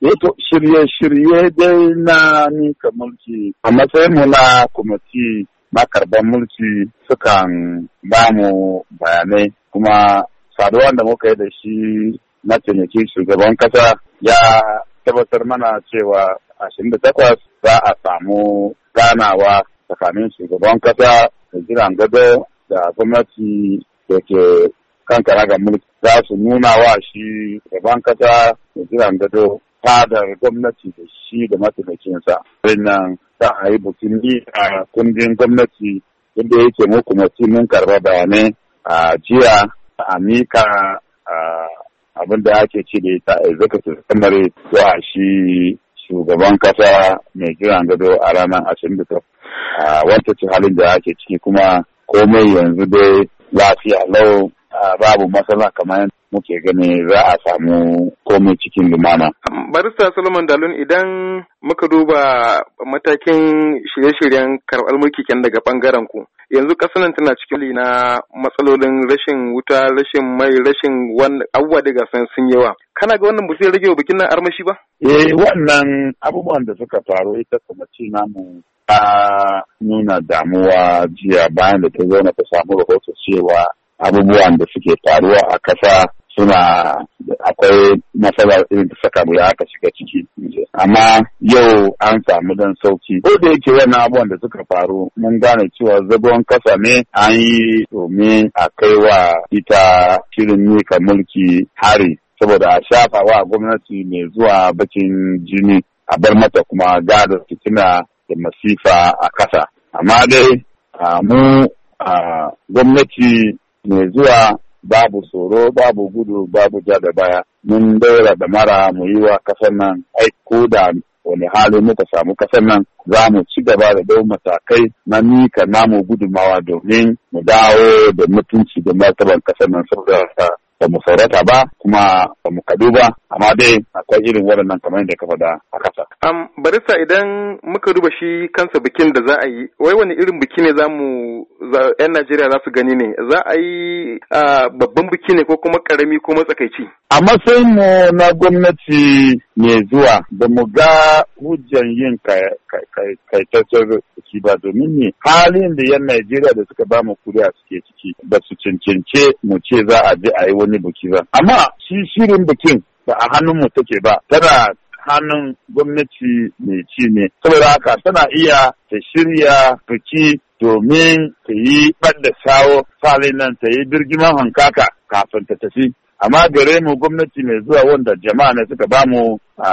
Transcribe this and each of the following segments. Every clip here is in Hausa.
to shirye-shirye dai na mika mulki a matsayin mu na kwamiti makarban mulki sukan ba mu bayanai kuma saduwan da muka yi da shi na taimaki shugaban kasa ya tabbatar mana cewa ashirin da takwas za a samu ganawa tsakanin shugaban kasa da jiran gado da gwamnati da ke kan ga mulki za su nuna wa shi gaban kasa da jiran gado fadar gwamnati da shi da mataimakinsa. Wannan za a yi bukini a kundin gwamnati inda yake muku kuma mun karba bayanai a jiya a mika abin da ake ce da ita executive summary zuwa shi shugaban kasa mai jiran gado a ranar ashirin da wata ce halin da ake ciki kuma komai yanzu dai lafiya lau babu matsala kamar muke gani za a samu komai cikin lumana. Barista Solomon Dalun idan muka duba matakin shirye-shiryen karɓar mulki kyan daga ɓangaren ku yanzu ƙasar tana cikin na matsalolin rashin wuta rashin mai rashin abubuwa daga san sun yawa kana ga wannan busai rage bikin nan armashi ba? eh wannan abubuwan da suka faru ita ci namu ta nuna damuwa jiya bayan da ta zo na ta samu rahoto cewa abubuwan da suke faruwa a ƙasa suna akwai nasara irin da saka mu ya aka shiga ciki amma yau an samu dan sauki ko da yake wannan abubuwan da suka faru mun gane cewa zagon kasa ne an yi domin a kai wa ita shirin mika mulki hari saboda a shafa wa gwamnati mai zuwa bakin jini a bar mata kuma gada fitina da masifa a kasa amma dai mu gwamnati mai zuwa babu tsoro babu gudu babu ja da baya mun daura da mara mu yi wa kasar nan aiko da wani hali muka samu kasar nan za mu ci gaba da dau matakai na mika namu gudumawa domin mu dawo da mutunci da martaban kasar nan saboda ba mu saurata ba kuma ba mu kadu ba amma dai akwai irin waɗannan kamar yadda ka faɗa a ƙasa. Am barista idan muka duba shi kansa bikin da za a yi wai wani irin biki ne za mu 'yan Najeriya za su gani ne za a yi babban biki ne ko kuma ƙarami ko matsakaici. A matsayin mu na gwamnati mai zuwa ba mu ga hujjan yin kaitaccen ciki ba domin ne halin da yan Najeriya da suka bamu kuri'a suke ciki ba su cancance mu ce za a je a yi wani buki ba. Amma shi shirin bikin da a hannun mu take ba tana hannun gwamnati mai ci ne saboda haka tana iya ta shirya biki domin ta yi ɓadda sawo falin nan ta yi birgiman hankaka kafin ta tafi amma gare mu gwamnati mai zuwa wanda jama'a ne suka bamu a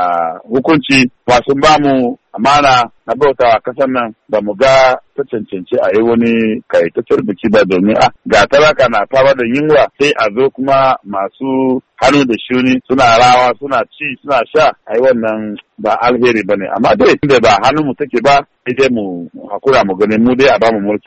hukunci ba bamu amana na bautawa kasar nan ba mu ga ta cancanci a yi wani kayataccen biki ba domin a ga talaka na fama da yunwa sai a zo kuma masu hannu da shuni suna rawa suna ci suna sha a yi wannan ba alheri ba ne amma dai inda ba hannu mu take ba sai dai mu hakura mu gani mu dai a bamu mulki